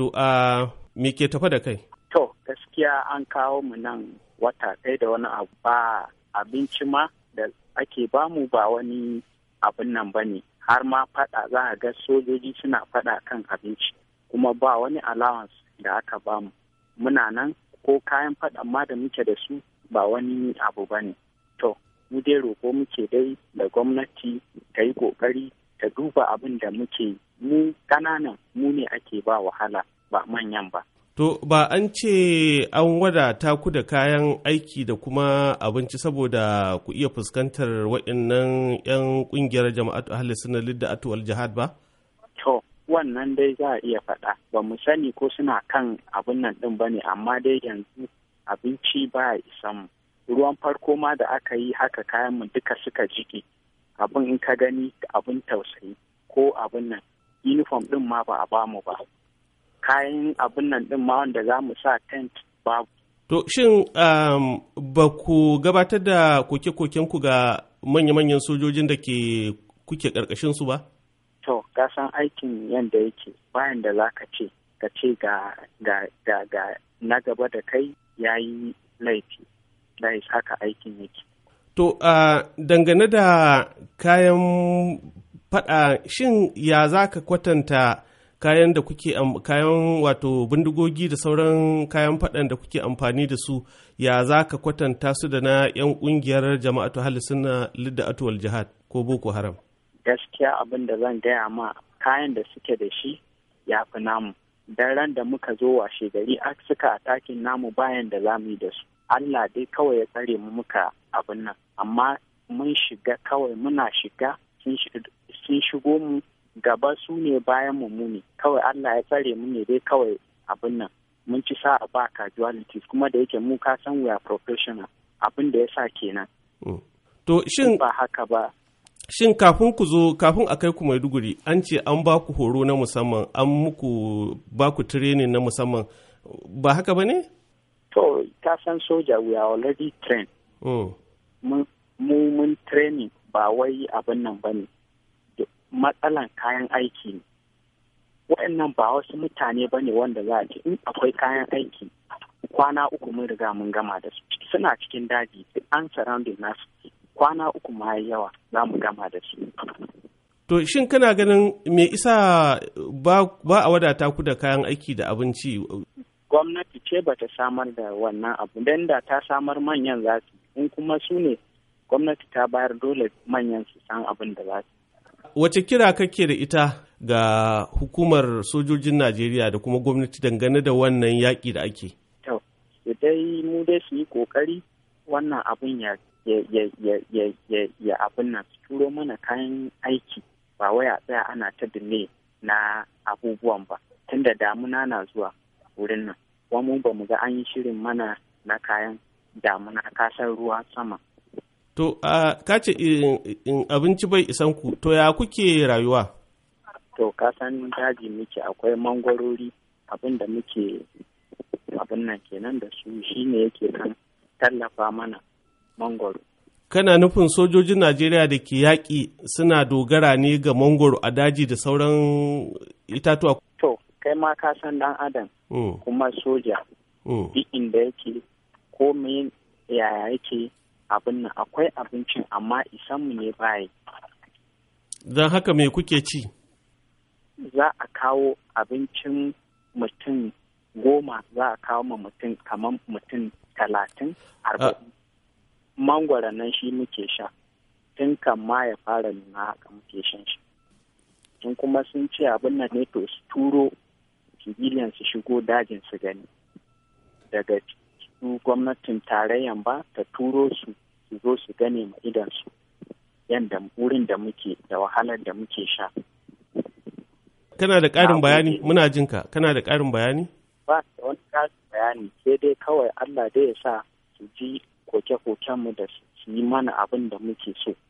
To a me ke tafa da kai? To gaskiya an kawo mu nan wata ɗaya da wani abu ba abinci ma da ake bamu ba wani abin nan ba ne har ma faɗa za a ga sojoji suna faɗa kan abinci kuma ba wani allowance da aka bamu muna nan ko kayan faɗa ma da muke da su ba wani abu ba ne to mu dai roƙo muke dai da gwamnati ta yi ƙoƙari ta duba abin da muke mu ƙananan mu ne ake ba wahala ba manyan ba. To ba an ce an wadata ku da kayan aiki da kuma abinci saboda ku iya fuskantar waɗannan 'yan ƙungiyar jama'atu ahli suna lidda atuwal jihad ba? To wannan dai za a iya faɗa ba mu sani ko suna kan abin nan ɗin ba ne amma dai yanzu abinci ba ya isa mu ruwan farko ma da aka yi haka kayan mu duka suka jiki. abin in ka gani abin tausayi ko abin nan uniform din ma ba a bamu ba kayan abin nan din ma wanda za mu sa tent babu to shin um, ba ku gabatar da koke-koken ku ga manya-manyan sojojin da ke kuke karkashin su ba to ka san aikin yadda yake bayan da za ka ce ka ce ga ga ga na gaba da kai yayi yi laifi da haka aikin yake To, a dangane da kayan fada shin ya za ka kwatanta kayan da kuke kayan wato bindigogi da sauran kayan fadan da kuke amfani da su ya za ka kwatanta su da na 'yan kungiyar jama'atu halisunna lidda wal jihad ko boko haram gaskiya abin da zan gaya ma kayan da suke da shi ya fi namu daren da muka zo washe gari suka atakin namu bayan da zamu yi da su Allah dai kawai ya tsare mu muka abin nan amma mun shiga kawai muna shiga sun shigo mu gaba su ne bayan mu ne kawai Allah ya tsare mu ne dai kawai abin nan mun ci sa'a ba casualties kuma da yake mu ka san we are professional abin da ya sa kenan mm. to shin ba haka ba shin kafin ku zo kafin a kai ku maiduguri an ce an ba ku horo na musamman an muku ba ku training na musamman ba haka ba ne to ka san soja we are already trained oh. mu mun training ba wai abin nan ba ne matsalan kayan aiki ne waɗannan ba wasu mutane ba ne wanda za a ce in akwai kayan aiki kwana uku mun riga mun gama da su suna cikin daji an surrounding nasu kwana uku ma yawa za mu gama da su To shin kana ganin me isa ba, a wadata ku da kayan aiki da abinci gwamnati ce ba ta samar da wannan abu don da ta samar manyan za su in kuma su ne gwamnati ta bayar dole manyan su san abin da za su wace kira kake da ita ga hukumar sojojin najeriya da kuma gwamnati dangane da wannan yaƙi da ake to dai mu dai su yi ƙoƙari wannan abin ya ya abin su turo mana kayan aiki ba waya a tsaya ana ta dile na abubuwan ba tunda damuna na zuwa wurin nan kuma ba mu ga an yi shirin mana na kayan damuna kasan ruwa sama to uh, kace in abinci bai isan ku to ya kuke rayuwa to kasan daji muke akwai mangwarori abin da muke abin nan kenan da su shine yake kan tallafa mana mangwaro kana nufin sojojin najeriya da ke yaƙi suna dogara ne ga mangwaro a daji da sauran itatuwa to kai ma kasan san dan adam Mm. kuma soja mm. duk inda yake ko yaya yake abin nan akwai abincin amma isanmu ne baya don haka me kuke ci za a kawo abincin mutum goma za a kawo ma mutum kamar mutum talatin arba'in ah. mangwara nan shi muke sha tun kan ma ya fara nuna haka muke shan shi tun kuma sun ce abin nan ne to su turo kiliyan su shigo dajin su gani daga cikin gwamnatin tarayyan ba ta turo su su zo su gane ma idansu yadda wurin da muke da wahalar da muke sha kana da ƙarin bayani muna jin kana da ƙarin bayani ba da wani ƙarin bayani sai dai kawai Allah dai ya sa su ji koke koken mu da su yi mana abin da muke so